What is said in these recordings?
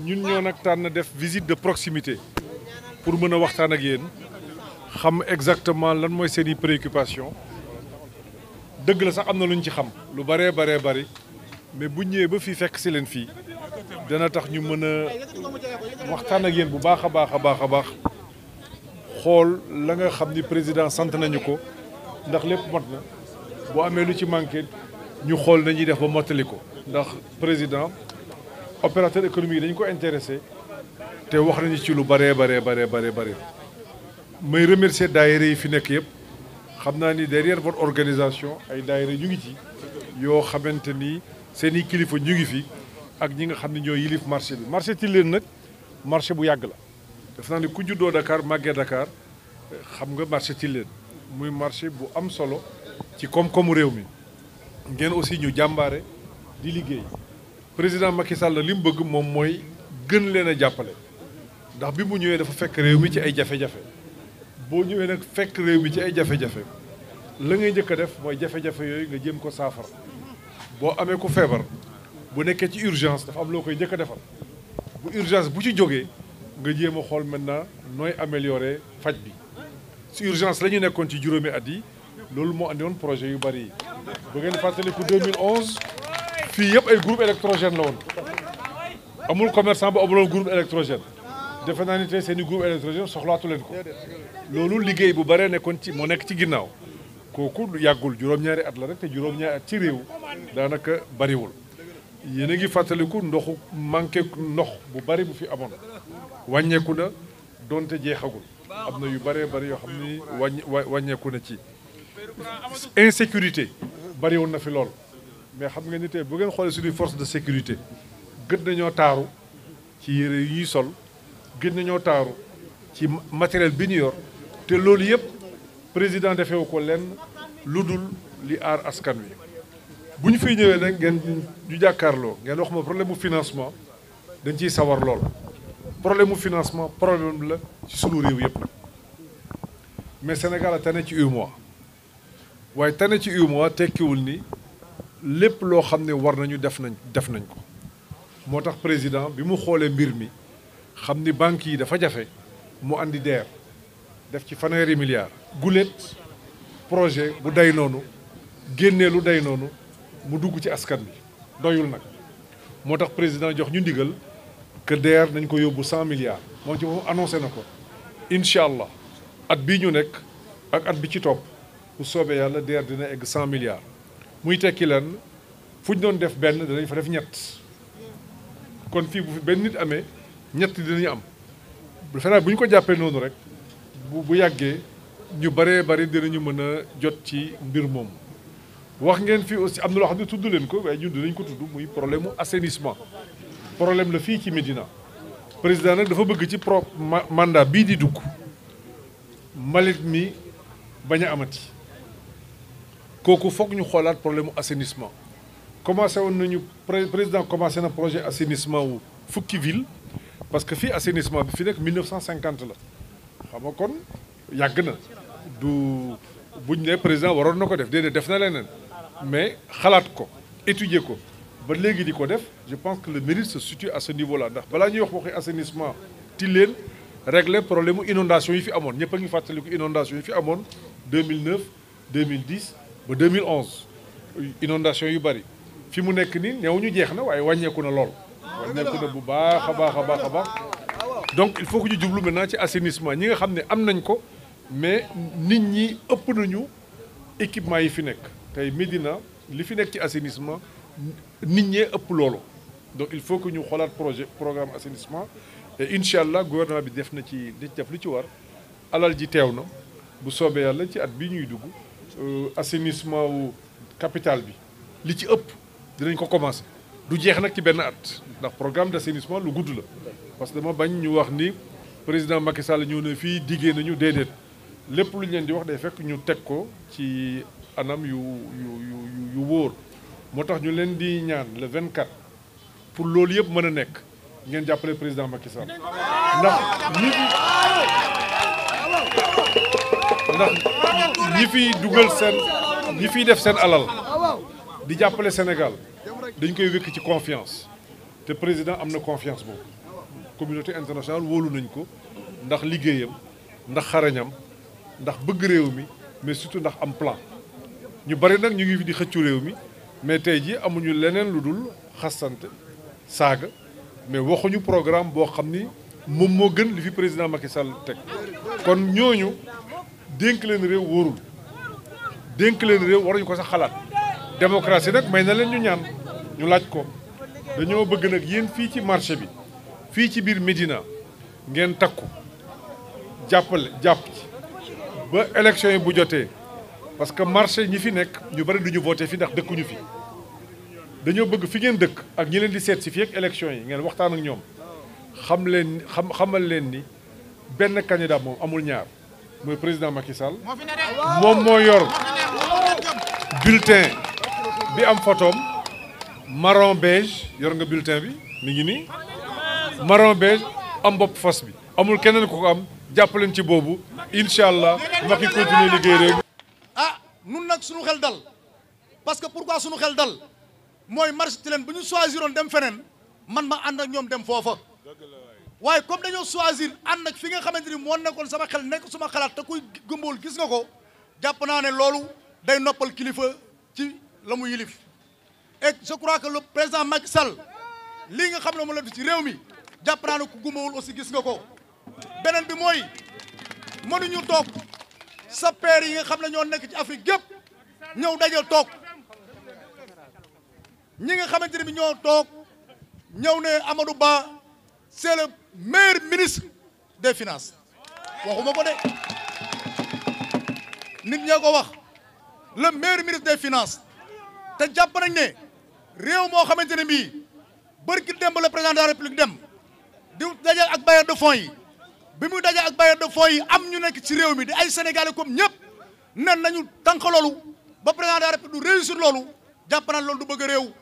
ñun ñoo nag tànn def visite de proximité pour mën a waxtaan ak yéen xam exactement lan mooy seen i préoccupation dëgg la sax am na lu ñu ci xam lu bëree baree bari mais bu ñëwee ba fii fekk si leen fii dana tax ñu mën a waxtaan ak yéen bu baax a baax a baax a baax xool la nga xam ni président sant nañu ko ndax lépp mot na boo amee lu ci manqué ñu xool nañuy def ba mottali ko ndax président opérateur économique dañu ko intéresé te wax nañu ci lu bëree bare bare bare bëri may remercier daayira yi fi nekk yëpp xam naa ni derrière votre organisation ay daayira ñu ngi ci yoo xamante ni seen i kilifa ñu ngi fi ak ñi nga xam ne ñoo yilif marché bi marché ti leen nag marché bu yàgg la def naa ni ku juddoo Dakar màggee Dakar xam nga marché ti leen muy marché bu am solo ci koom-koomu réew mi ngeen aussi ñu jàmbaare di liggéey président Macky Sall li mu bëgg moom mooy gën leen a jàppale ndax bi mu ñëwee dafa fekk réew mi ci ay jafe-jafe boo ñëwee nag fekk réew mi ci ay jafe la ngay njëkk def mooy jafe-jafe yooyu nga jéem ko saafara boo amee ko feebar bu nekkee ci urgence dafa am loo koy njëkk defal defar bu urgence bu ci jógee nga jéem a xool maintenant nooy améliorer faj bi si urgence la ñu nekkoon ci juróomi at yi loolu moo andi woon projet yu bari yi bu ngeen fàttaliku fii yëpp ay groupe électrogène la woon amul commerçant bu amuloon groupe électrogène defe naa ni tey seeni i groupe électrogène soxlaatu leen ko loolu liggéey bu bare nekkoon ci moo nekk ci ginnaaw kooku yàggul juróom-ñaari at la rek te juróom-ñaari at ci réew daanaka bariwul yéen a ngi fàttaliku ndoxu manqué ndox bu bari bu fi amoon wàññeeku na donte jeexagul am na yu bëree bari yoo xam ni wàññeeku na ci insécurité bari woon na fi lool mais xam nga ni tey bu ngeen xoolee suñuy force de sécurité gën nañoo taaru ci yére yi sol gën nañoo taaru ci matériel bi ñu yor te loolu yëpp président defewu ko lenn lu dul li aar askan wi. bu ñu fiy ñëwee nag ngeen ñu jàkkaarloo ngeen wax ma problème mu financement dañ ciy sawar lool problème mu financement problème la ci sunu réew yëpp mais Sénégal a tane ci UEMOA waaye tane ci UEMOA tekkiwul ni. lépp loo xam ne war nañu def nañ def nañ ko moo tax président bi mu xoolee mbir mi xam ni banques yi dafa jafe mu indi DER def ci fanweeri milliards. gulet projet bu day noonu génnee lu day noonu mu dugg ci askan bi doyul nag moo tax président jox ñu ndigal que DER nañ ko yóbbu cent milliards. moom ci moom annoncé na ko incha allah at bii ñu nekk ak at bi ci topp bu soobee yàlla DER dina egg cent milliards. muy tekki lan fu ñu doon def benn danañ fa def ñett kon fii bu fi benn nit amee ñett dinañu am defe bu ñu ko jàppee noonu rek bu bu yàggee ñu baree bari dinañu mën a jot ci mbir moom wax ngeen fii aussi am na loo xam ne tudd leen ko waaye ñun dinañ ko tudd muy problème mu assainissement problème la fii ci Médina président nag dafa bëgg ci pro mandat bii di dugg mbalit mi bañ a amati kooku foog ñu xoolaat problème mu assainissement commencé woon nañu président commencé na projet assainissement wu fukki ville parce que fii assainissement bi fi nekk 1950 la xam nga kon yàgg na du buñ ne président waroon na ko def déedéet def na leneen mais xalaat ko étudier ko ba léegi di ko def je pense que le mérite se situe à ce niveau là ndax balaa ñuy wax waxi assainissement ti leen régler problème mu inondation yi fi amoon ñëpp a ngi fàttaliku inondation yi fi amoon 2009 2010 ba 2011 inondation yu bëri fi mu nekk nii ñëw ñu jeex na waaye wàññeeku na lool wàññeeku na bu baax a baax a baax a baax donc il faut que ñu jublu naa ci assainissement ñi nga xam ne am nañ ko mais nit ñi ëpp nañu équipement yi fi nekk tey Médina li fi nekk ci assainissement nit ñee ëpp loolu donc il faut que ñu xoolaat projet programme assainissement et incha allah gouvernement bi def na ci def lu ci war alal ji teew na bu soobee yàlla ci at bi ñuy dugg Euh, assainissement wu capital bi li ci ëpp dinañ ko commencé du jeex nag ci benn at ndax programme d' assainissement lu gudd la parce que dama bañ ñu wax ni président Macky Sall ñëw na fii diggee nañu déedéet lépp lu ñu leen di wax day fekk ñu teg ko ci anam yu yu yu wóor moo tax ñu leen di ñaan le 24 pour loolu yëpp mën a nekk ngeen jàppale président Macky Sall ndax ñi ndax ñi fiy dugal seen ñi fiy def seen alal di jàppale Sénégal dañ koy wékk ci confiance te président am na confiance boobu communauté internationale wóolu nañ ko ndax liggéeyam ndax xarañam ndax bëgg réew mi mais surtout ndax am plan ñu bari nag ñu ngi fi di xëccu réew mi mais tey jii amuñu leneen lu dul xasante saaga mais waxuñu programme boo xam ni moom moo gën li fi président Macky Sall teg kon ñooñu dénk leen réew wóorul dénk leen réew waruñu ko sax xalaat démocratie nag may na leen ñu ñaan ñu laaj ko dañoo bëgg nag yéen fii ci marché bi fii ci biir Médina ngeen takku jàppale jàpp ci ba élection yi bu jotee parce que marché ñi fi nekk ñu bari duñu voté fi ndax dëkkuñu fi dañoo bëgg fi ngeen dëkk ak ñi leen di seet si fii ak élection yi ngeen waxtaan ak ñoom xam leen xam xamal leen ni benn candidat moom amul ñaar mooy président Macky Sall moom moo yor bulletin bi am photom marron beige yor nga bulletin bi mi ngi nii marron beige am bopp fas bi amul keneen ku ko am jàppaleen ci boobu incha allah Macky continuer liggéey réew ah nun nag suñu xel dal parce que pourquoi suñu xel dal mooy marché ti bu ñu choisiroon dem feneen man ma ànd ak ñoom dem foofa waaye comme dañoo choisir ànd ak fi nga xamante ni moo nekkoon sama xel nekk suma xalaat te kuy gëmbool gis nga ko jàpp naa ne loolu day noppal kilifa ci la mu yilif et je crois que le président Macky sal lii nga xam ne moom la ci réew mi jàpp naa ne ku gumbawul aussi gis nga ko beneen bi mooy mënuñu toog sa peer yi nga xam ne ñoo nekk ci Afrique gépp ñëw daje toog ñi nga xamante ne bi ñoo toog ñëw ne Amadou Ba c'est meilleur ministre de finance waxuma ko de nit ñee ko wax le meilleur ministre des finances te jàpp nañ ne réew moo xamante ne bii bërki démb le président de la république dem di dajal ak bailleur de fonds yi bi muy dajal ak bailleur de fonds yi am ñu nekk ci réew mi di ay sénégalais comme ñëpp nen nañu tànk ba président de la république du réussir loolu jàpp naa loolu du bëgg réew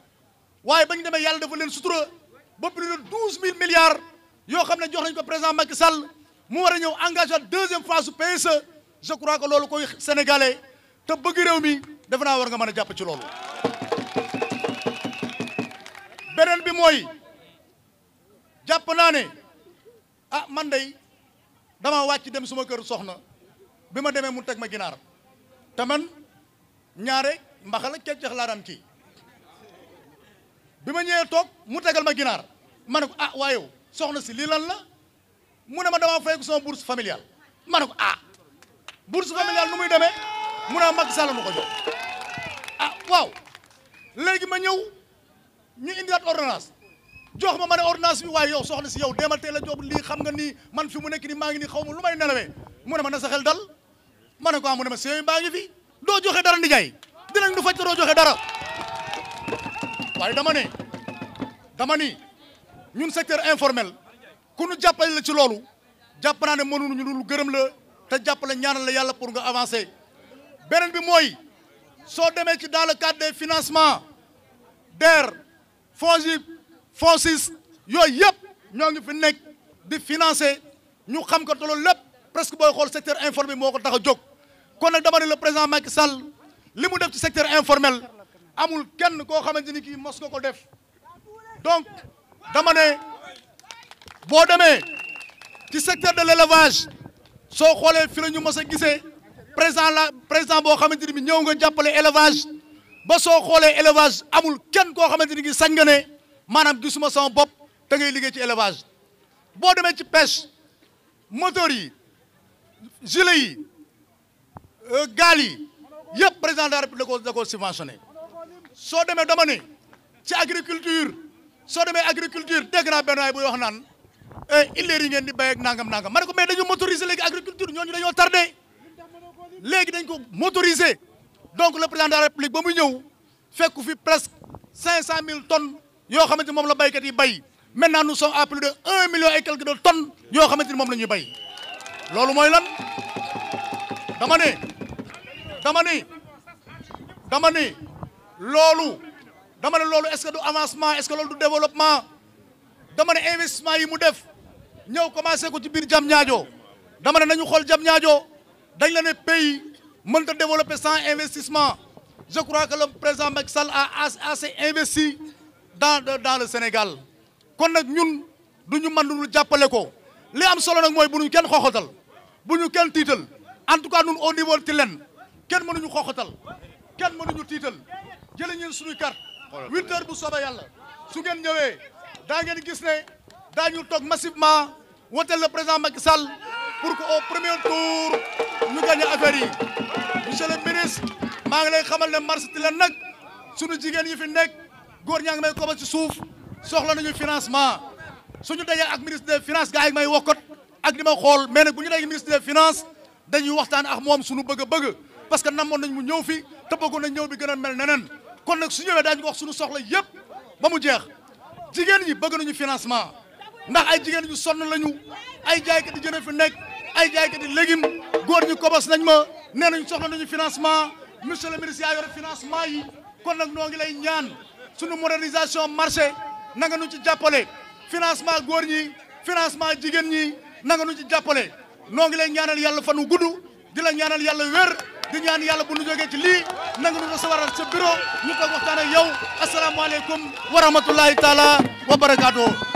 waaye ba ñu demee yàlla dafa leen sutura ba plus de douze mille yoo xam ne jox nañ ko président Macky Sall mu war a ñëw engagé deuxième phase su PSE je crois que loolu koy sénégalais te bëgg réew mi defe naa war nga mën a jàpp ci loolu. beneen bi mooy jàpp naa ne ah man day dama wàcc dem suma kër soxna bi ma demee mu teg ma ginaar te man ñaare mbaxal ak keccax laa daan ci bi ma ñëwee toog mu tegal ma ginaar ma ne ko ah waaye soxna si lii lan la mu a ma damaa fay ko sama bourse familiale ma ne ko ah bourse familiale nu muy demee mu a Macky Sall ma ko jox ah, waaw léegi ma ñëw ñu indiwaat ordonnance jox ma ma ne ordonnance bi waaye yow soxna si yow demal teel a job lii xam nga nii man fi mu nekk ni maa ngi nii xaw ma lu may nelawee mu ne ma na sa dal ma ne ko ah mu ne ma séen baa ngi fi doo joxe dara nijaay dinañ du faj te doo joxe dara waaye dama ne dama ni. ñun secteur informel ku ñu jàppale la ci loolu jàpp naa ne mënuñu lu gërëm la te jàppale ñaanal la yàlla pour nga avancer beneen bi mooy soo demee ci dans le cadre des financements DER FONGIP yooyu yëpp ñoo ngi fi nekk di financer ñu xam ko te loolu lépp presque booy xool secteur informel moo ko tax a jóg kon nag dama ne le président Macky Sall li mu def ci secteur informel amul kenn koo xamante ni kii mos nga ko def dama ne boo demee ci secteur de l' élevage soo xoolee fi la ñu mës a gisee président la président boo xamante ni bi ñëw nga jàppale élevage ba soo xoolee élevage amul kenn koo xamante ni gi sañ nga ne maanaam gisuma sama bopp te ngay liggéey ci élevage boo demee ci pêche moteur yi gilet yi euh, gaal yi yëpp président de la république da ko da ko soo demee dama ne ci agriculture soo demee agriculture dégg naa benn waay buy wax naan eh, illeer yi ngeen di béy nangam nangam ma ne ko mais dañu motoriser léegi agriculture ñooñu dañoo tardé léegi dañ ko motoriser donc le président de la république ba muy ñëw fekku fi presque cinq cent mille tonnes yoo xamante ni moom la béykat yi bay maintenant nous sommes à plus de un million et quelques de tonnes yoo xamante ni moom la ñuy bay loolu mooy lan dama ne dama dama ne loolu est-ce que du avancement est-ce que loolu du développement dama ne investissement yi mu def ñëw commencé ko ci biir jam ñaajoo dama ne nañu xool jam ñaajo dañ la ne pays mënta développer sans investissement je crois que la président Macky Sall a assez investi dans dans le Sénégal kon nag ñun du ñu man lu jàppale ko li am solo nag mooy bu ñu kenn xooxatal bu ñu kenn tiital en tout cas ñun au niveau ti len kenn mënuñu xooxatal kenn mënuñu tiital jëlee ñeen suñuy carte huit heures bu soobee yàlla su ngeen ñëwee daa ngeen gis ne daañu toog massivement woteel le président Macky Sall pour que au premier tour ñu gagné affaire yi monsieur ministre maa ngi lay xamal ne mars ti leen nag suñu jigéen yi fi nekk góor ñaa ngi may koba ci suuf soxla nañu financement suñu dajee ak ministre des finances gars may wokkot ak di ma xool mais nag bu ñu dajee ministre des finances dañuy waxtaan ak moom suñu bëgg a bëgg parce que namoon nañ mu ñëw fi te bëggoon na ñëw bi gën a mel neneen kon nag su ñëwee daañu wax suñu soxla yëpp ba mu jeex jigéen ñi bëgg nañu financement ndax ay jigéen ñu sonn lañu ay jaaykat yi fi nekk ay jaaykat yi légume góor ñi kobos nañ ma nee nañ soxla nañu financement monsieur le ministre yaa yore financement yi kon nag noo ngi lay ñaan suñu modernisation marché na nu ci jàppale financement góor ñi financement jigéen ñi na nu ci jàppale noo ngi lay ñaanal yàlla fan wu gudd di la ñaanal yàlla wér di ñaan yàlla bu nu jógee ci lii nanga nu recevoir sa bureau ñu toog waxtaan ak yow asalaamaaleykum wa rahmatulahi taala wa barakaatu